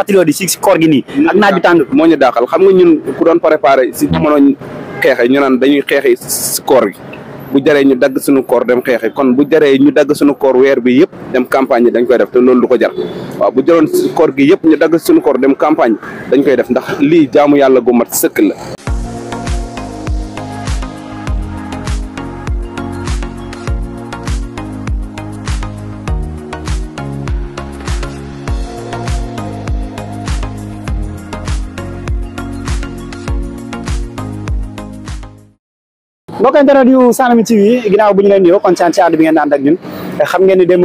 patriote yi si si koor gi nii ak naaj bi tàng moo ñu daaxal xam nga ñun ku doon préparé si jamono xeexe ñu naan dañuy xeexe si koor gi bu jëree ñu dagg suñu koor dem xeexi kon bu jaree ñu dagg suñu koor weer bi yëpp dem campagne dañ koy def te loolu du ko jar waaw bu jëroon koor gi yëpp ñu dagg suñu koor dem campagne dañ koy def ndax lii jaamu yàlla gu mat sëkk la mbokk internet yu Sans Limites TV ginnaaw bu ñu leen nuyoo kontaan ci ànd bi ngeen ànd ñun te euh, xam ngeen ni démb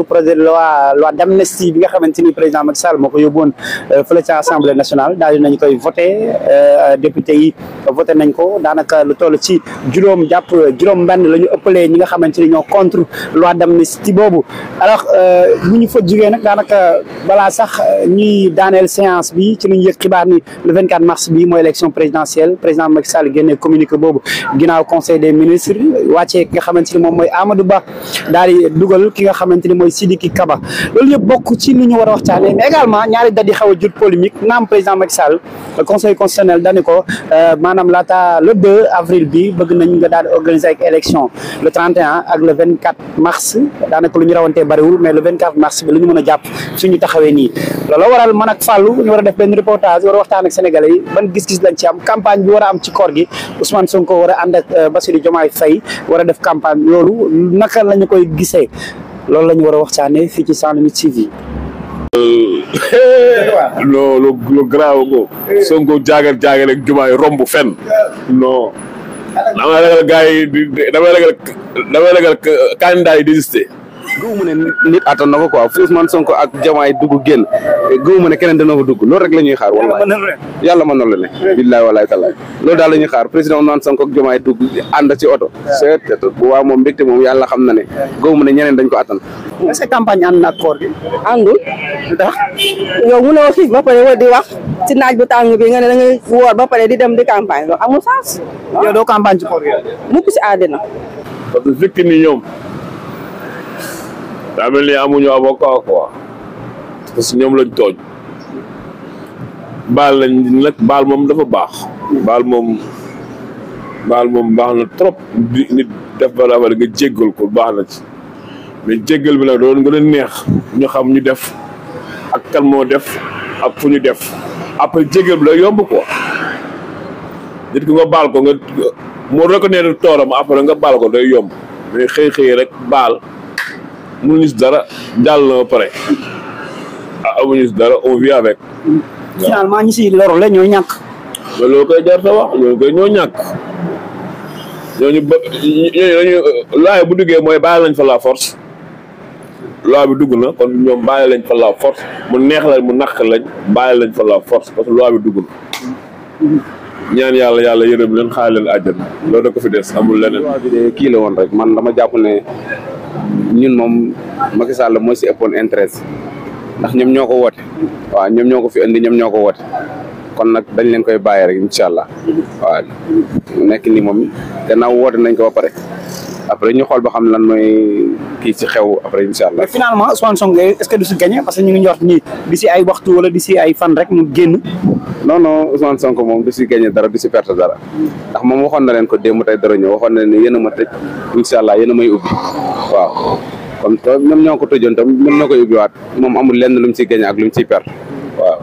ni président Macky Sall moo ko yóbbuwoon euh, fële ca assemblée nationale daal di nañ koy voté euh, député yi voté nañ ko daanaka lu toll ci juróom jàpp juróom mband la ñu ëppalee ñi nga xamante ni ñoo contre loi d'amnistie boobu alors mu ñu fa jugee nag daanaka balaa sax ñuy daaneel séance bi ci lu ñu yëg xibaar ni le 24 mars bi mooy élection présidentielle président Macky génne communiqué boobu ginnaaw conseil des ministres wàccee ki nga xamante ni moom mooy Amadou nga xamante ni mooy Sidiki Kaba loolu yëpp bokk ci lu ñu war a waxtaanee mais ñaari dat yi a jur polémique naam président Macky Sall conseil constitutionnel dañu ko euh, maanaam laata le 2 avril bi bëgg nañ nga daal di organiser élection le 31 ak le 24 mars daanaka lu ñu rawantee bariwul mais le mars bi lu ñu mën a jàpp suñu taxawee nii loolu waral man ak Fallou ñu war def benn reportage war waxtaan ak sénégalais yi gis-gis lañ ci am campagne loolu la ñu war a waxtaanee fii ci Sans Limites TV. non lu lu garaaw ko. jaagal jaagal jumaay romb fenn. non. damay ragal gars yi damay ragal damay ragal yi désisté. mu ne nit attan na ko quoi fu Ousmane Sonko ak jamaay dugg génn gëwuma ne keneen dana fa dugg loolu rek la ñuy xaar wallaahi yàlla mën na la ne billaahi wallaahi taala loolu daal la ñuy xaar président Ousmane Sonko ak jamaay dugg ànd ci oto seet bu waaw moom mbégte moom yàlla xam na ne gëwuma ne ñeneen dañ ko attan est-ce que campagne ànd na ak koor gi àndul ndax yow mënoo xiif ba pare di wax ci naaj bu tàng bi nga ne da ngay woor ba pare di dem di campagne loolu amul sens yow doo campagne ci koor gi mukk ci daa mel ni amuñu avocat quoi parce que ñoom lañ tooj baal lañ nag baal moom dafa baax baal moom baal moom baax na trop nit def ba la nga jéggal ko baax na ci mais jéggal bi nag doon gën a neex ñu xam ñu def ak kan moo def ak fu ñu def après jéggal bi la yomb ko nit ki nga baal ko nga moo reconnaître tooram après nga baal ko day yomb mais xëy xëy rek baal mënuñu si dara jàll na ba pare ah amuñu si dara on vit avec. finalement ñi si lor la ñoo ñàkk. loolu koy jar wax loolu koy ñoo bu duggee mooy bàyyi lañ fa la force loi bi dugg na kon ñoom bàyyi lañ fa la force mu neex lañ mu naq lañ bàyyi lañ fa la force parce que loi bi dugg na. ñaan yàlla yàlla yërëm leen xaal leen àjjana loolu da ko fi des amul leneen. kii la woon rek man dama jàpp ne. ñun moom Macky Sall moo si ëppoon intérêt ndax ñoom ñoo ko woote waaw ñoom ñoo ko fi indi ñoom ñoo ko woote kon nag dañ leen koy bàyyi rek incha allah waaw nekk ni moom gannaaw woote nañ ko ba pare après ñu xool ba xam lan mooy kii ci xew après incha allah. mais finalement Ousmane Sonko est-ce que du si gagné parce que ñu ngi ñor nii di si ay waxtu wala di si ay fan rek mu génn. non non Ousmane Sonko moom du si gagné dara du si perte dara ndax moom waxoon na leen ko démb tey dara ñëw waxoon na leen yéen a ma tëj incha allah yéen a may ubbi waaw comme to ñoom ñoo ko tëjoon tam ñoom ñoo koy moom amul lenn lu mu siy gagné ak lu mu siy perte waaw.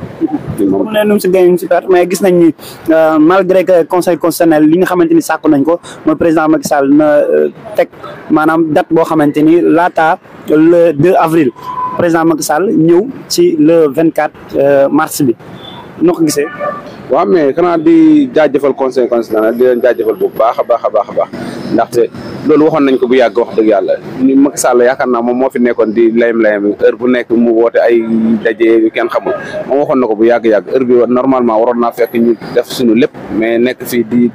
moom mu ne nu mu si gën mais gis nañ ni euh, malgré que conseil constitutionnel li nga xamante ni sàkku nañ ko mooy président Macky saal na euh, teg maanaam dat boo xamante ni laata le 2 avril président Macky Sall ñëw ci le 24 euh, mars bi. noo ko gisee. waaw mais xanaa di jaajëfal conseil constitutionnel di leen jaajëfal bu baax a baax a baax ndaxte loolu waxoon nañ ko bu yàgg wax dëgg yàlla ni Macky Sall yaakaar naa moom moo fi nekkoon di layam-layam heure bu nekk mu woote ay daje yu kenn xamul moom waxoon na ko bu yàgg-yàgg heure bi normalement waroon naa fekk ñu def suñu lépp mais nekk fii di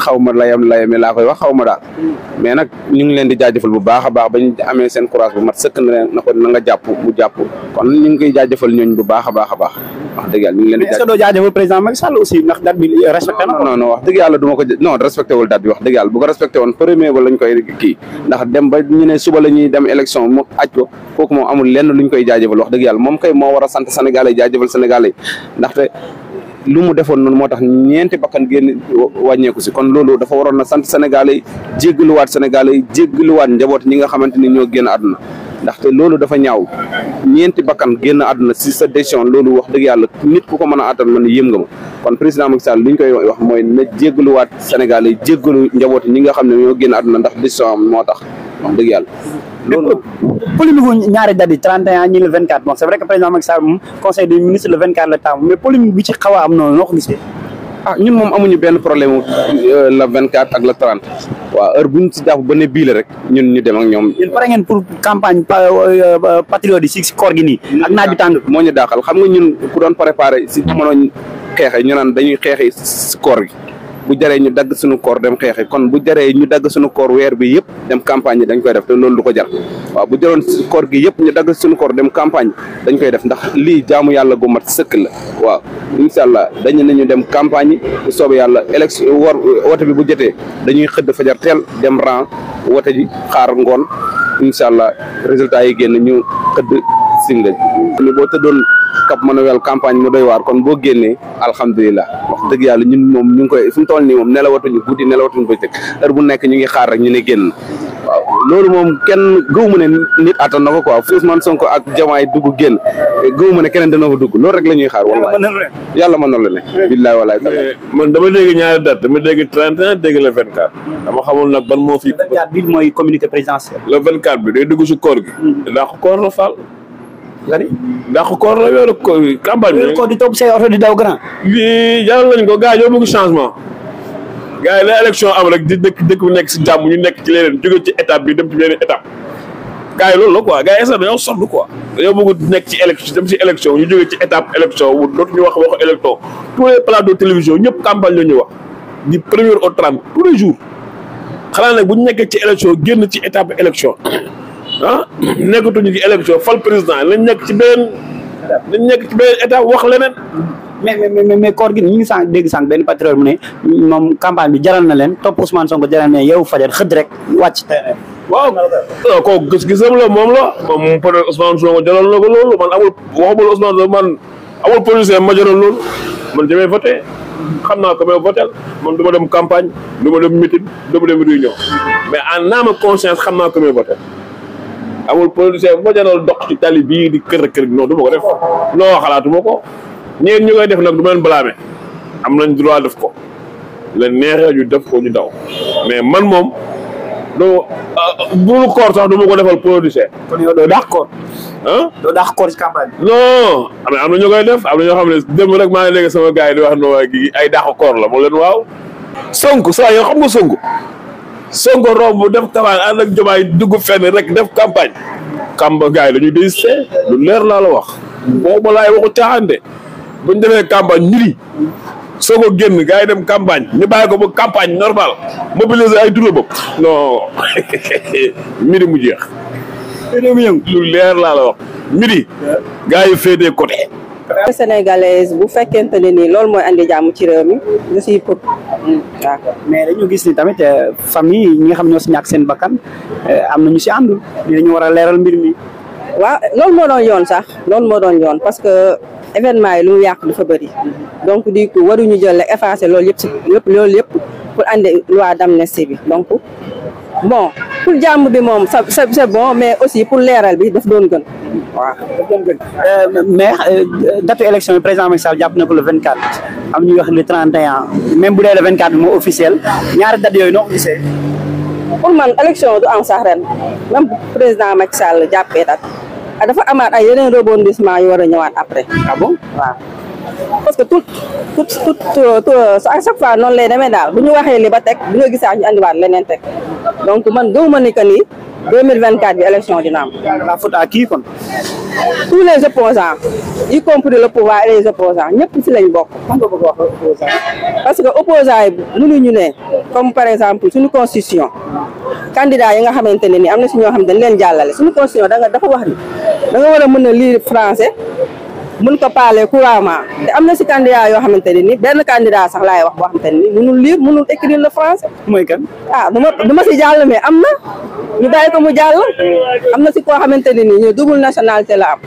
xaw ma layam layami laa koy wax xaw ma daal mais nag ñu ngi leen di jaajëfal bu baax a baax bañ amee seen courage bu mat sëkk na leen na ko na jàpp mu jàpp kon ñu ngi koy jaajëfal ñooñ bu baax a baax a baax ñu leen di président Macky Sall aussi ndax date bi respecté na. non non wax dëgg yàlla du ma ko non respecté wul date bi wax dëgg yàlla bu ko respecté premier ba lañ koy kii ndax dem ba ñu suba la ñuy dem élection mu aj ko kooku moom amul lenn luñ koy jaajëfal wax dëgg yàlla moom kay moo war a sant Sénégalais jaajëfal Sénégalais ndaxte lu mu defoon noonu moo tax ñeenti bakkan génn wàññeeku si kon loolu dafa waroon na sant Sénégalais yi jéggaluwaat Sénégalais yi njaboot ñi nga xamante ni ñoo génn àdduna ndaxte loolu dafa ñaaw ñeenti bakkan génn àdduna si sa décision loolu wax dëgg yàlla nit ku ko mën a àttan man yëm nga ma kon président Macky Sall li ñu koy wax mooy na jéggaluwaat Sénégal yi jéggalu njabooti ñi nga xam ne ñoo génn àdduna ndax décision am moo tax wax dëgg yàlla loolu polémique ñaari date yi 31 ñi le 24 bon c'est vrai que président Macky Sall moom conseil des ministres le 24 la taamu mais polémique bi ci xaw a am noonu noo ko gisee ah ñun moom amuñu benn problème euh, la vingt quatre ak la trente waaw heure bu ñu si jàpp ba ne bii la rek ñun ñu dem ak ñoom. ñun pare ngeen pour campagne euh, euh, patriote yi si si koor gi nii. ak naaj bi tàng moo ñu daaxal xam nga ñun ku doon préparé si jamono xeexe ñu naan dañuy xeexe si koor gi. bu jaree ñu dagg suñu koor dem xeexi kon bu jaree ñu dagg suñu koor weer bi yëpp dem campagne dañ koy def te loolu du ko jar waaw bu jaroon koor gi yëpp ñu dagg suñu koor dem campagne dañ koy def ndax lii jaamu yàlla gu mat sëkk la waaw incha allah dañu nañu dem campagne yi yàlla élection war wote bi bu jotee dañuy xëdd fajar teel dem ran wote ji xaar ngoon incha allah résultat yi na ñu xëdd Palestine lañ boo tëddoon Cap Manuel campagne mu doy waar kon boo génnee alhamdulilah moom ñu ngi koy suñu tool nii moom nelawatuñu guddi nelawatuñu bëccëg heure ñu ngi xaar rek ñu ne génn waaw na ko quoi fu Ousmane Sonko ak la ñuy xaar na la ne billaay wallaay man dama dégg ñaari date dama dégg trente et un dégg le vingt quatre dama xamul nag ban moo fi le vingt quatre bi mooy communauté dugg si koor gi ndax mm-hmm. koor faal nga ni dàq koor la weeru ko campagne bi ko di topp say oto di daw grand lii jaral lañ ko gars yi ñoo bëgg changement gars yi la élection am rek di dëkk dëkk bu nekk si jàmm ñu nekk ci leneen jóge ci étape bi dem ci beneen étape gars loolu la quoi gars yi sax dañoo sonn quoi élection dem si élection ñu jóge ci étape élection wu dootuñu wax waxu élection tous les plateaux de télévision ñëpp campagne la ñuy wax di premier au trente tous les jours xanaa nag bu ñu nekkee ci élection génn ci étape élection ah ñu ci élection fal président lañ nekk ci benn lañ nekk ci beneen état wax leneen. mais mais mais koor gi ñu ngi sànq dégg sànq benn patriote mu ne moom campagne bi jaral na leen topp Ousmane Sonko jaral na yow fajar xëdd rek wàcc. waaw kooku gis-gisam la moom la moom peut-être Ousmane Sonko jaral na ko loolu man amul waxumala Ousmane Sonko man amul policier ma jaral loolu man damay voté xam naa ko may voté man du ma dem campagne du ma dem meeting du ma dem réunion mais en âme conscience xam naa ko may amul politicien bu ma janool dox ci tali bii di kër kër non du ma ko def non xalaatuma ko ñeen ñu koy def nag du ma leen blâmer am nañ droit def ko la neexee ñu def ko ñu daw mais man moom doo bulu sax du ma ko defal politicien. kon yow doo dàq koor. ah doo dàq koor ci campagne bi. non am na ñoo koy def am na ñoo xam ne démb rek maa ngi léegi sama gars yi di wax no waa gi ay dàq koor la moom leen waaw. Sonko saa yoo xam nga Sonko. Sonko romb def kamaan ànd ak jomaay dugg fenn rek def campagne kamba gars yi dañuy désisté lu leer laa la wax boobu laay waxu caaxaan de buñ defee campagne ñuri soo ko génn gars yi dem campagne ñu bàyyi ko ba campagne normal mobiliser ay duro bopp non midi mu jeex lu leer laa la wax midi gars yi féetee côté sénégalaise bu fekkente ne nii loolu mooy andi jàmm ci réew mi je suis pour. Hmm. mais dañu gis ni tamit euh, famille yi nga xam ñoo si ñàkk seen bakkan euh, am na ñu si àndul dañu war a leeral mbir mi. waaw loolu moo doon yoon sax loolu moo doon yoon parce que événement yi lu mu yàq dafa bëri donc di ko ñu jël effacer loolu yëpp si lépp loolu yëpp pour andi loi d'amnistie bi donc. bon pour jàmm bi moom ça c'est bon mais aussi pour leeral bi daf doon gën. waaw daf doon euh, mais euh, date élection yi président Macky Sall jàpp na ko le 24 am ñuy wax le 31 même bu dee le 24 bi moo officiel ñaari date yooyu no gisee. pour man élection du am sax ren même président Macky Sall jàppee a ah, dafa amaat ay yeneen rebondissement yu war a ñëwaat après. ah bon waaw. parce que tout tout tout à chaque fois noonu lay demee daal bu ñu waxee li ba teg bu ñu gisaa ñu andiwaat leneen teg donc man gëw ma ni que ni 2024 bi élection dina am. la faute à qui kon. tous les opposants y compris le pouvoir et les opposants ñëpp ci lañ bokk parce que opposants yi mënuñu ne comme par exemple suñu constitution candidat yi nga xamante ne ni am na si ñoo xam dañ leen jàllale suñu constitution danga dafa wax ni da nga war a mën a lire français mun ko paale parler couramment te am na si candidat yoo xamante ne ni benn candidat sax laay wax boo xamante ne ni munul lire munul écrire le français. mooy kan ah du ma du ma si jàll mais am na ñu bàyyi ko mu jàll am na si koo xamante ne ni ñu double nationalité la am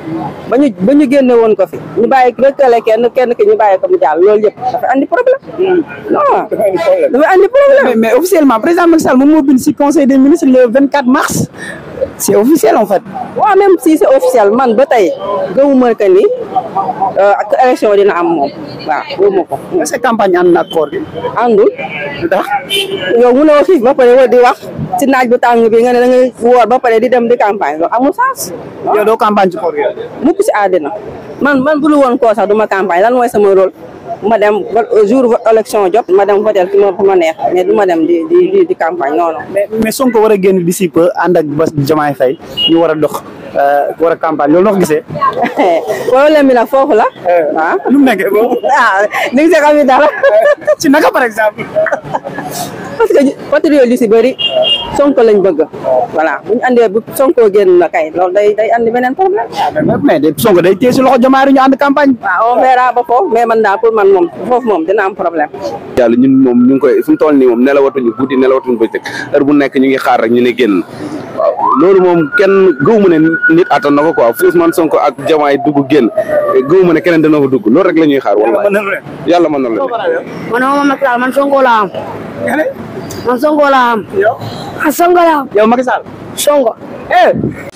ba ñu génne woon ko fi ñu bàyyi rëkkale kenn kenn ki ñu bàyyi ko mu jàll loolu yëpp dafa andi problème non dafa andi problème mais officiellement président moom moo si conseil des ministres le 24 mars c'est officiel en fait waaw même si c'est officiel man ba tey gëmuma que ni euh, ak élection dina am moom waaw gëmuma ko. est-ce que campagne ànd na ak koor gi. àndul ndax yow mënoo xiif ba pare di wax ci naaj bu tàng bi nga ne da ngay woor ba pare di dem di campagne loolu amul sens. yow doo campagne ci koor gi. mukk ci àddina man man bu woon koo sax du ma campagne lan mooy sama rôle. ma dem jour élection jot ma dem votel ki ma ma neex mais du ma dem di di di campagne non non. mais Sonko war a génn d'ici peu ànd ak ba Diomaye Faye ñu war a dox. war euh, a campagne loolu noo ko gisee. problème bi nag foofu la. Euh, ah lu mu nekk boobu. Ah, ni li nga xam ne dara. si naka par exemple. parce que patriote yu si bëri sonko lañ bëgg. voilà bu ñu andee bu sonko génn na kay loolu day day beneen problème. Ah, day téye si loxo jomaaru ñu ànd campagne. waaw ah, on verra ba foofu mais man daal pour man moom foofu moom dina am problème. la ñun moom ñu ngi koy fu mu toll nii moom nelawatuñu guddi nelawatuñu bëccëg heure bu nekk ñu ngi xaar rek ñu ne génn. waaw loolu moom kenn gëw ma ne nit attan na ko ko quoi fu man Sonko ak Diomaye dugg génn gëw ma ne keneen dana ko dugg loolu rek la ñuy xaar wala yàlla mën na la man moom Macky Sall man Sonko laa am man Sonko laa am yow ah, Sonko laa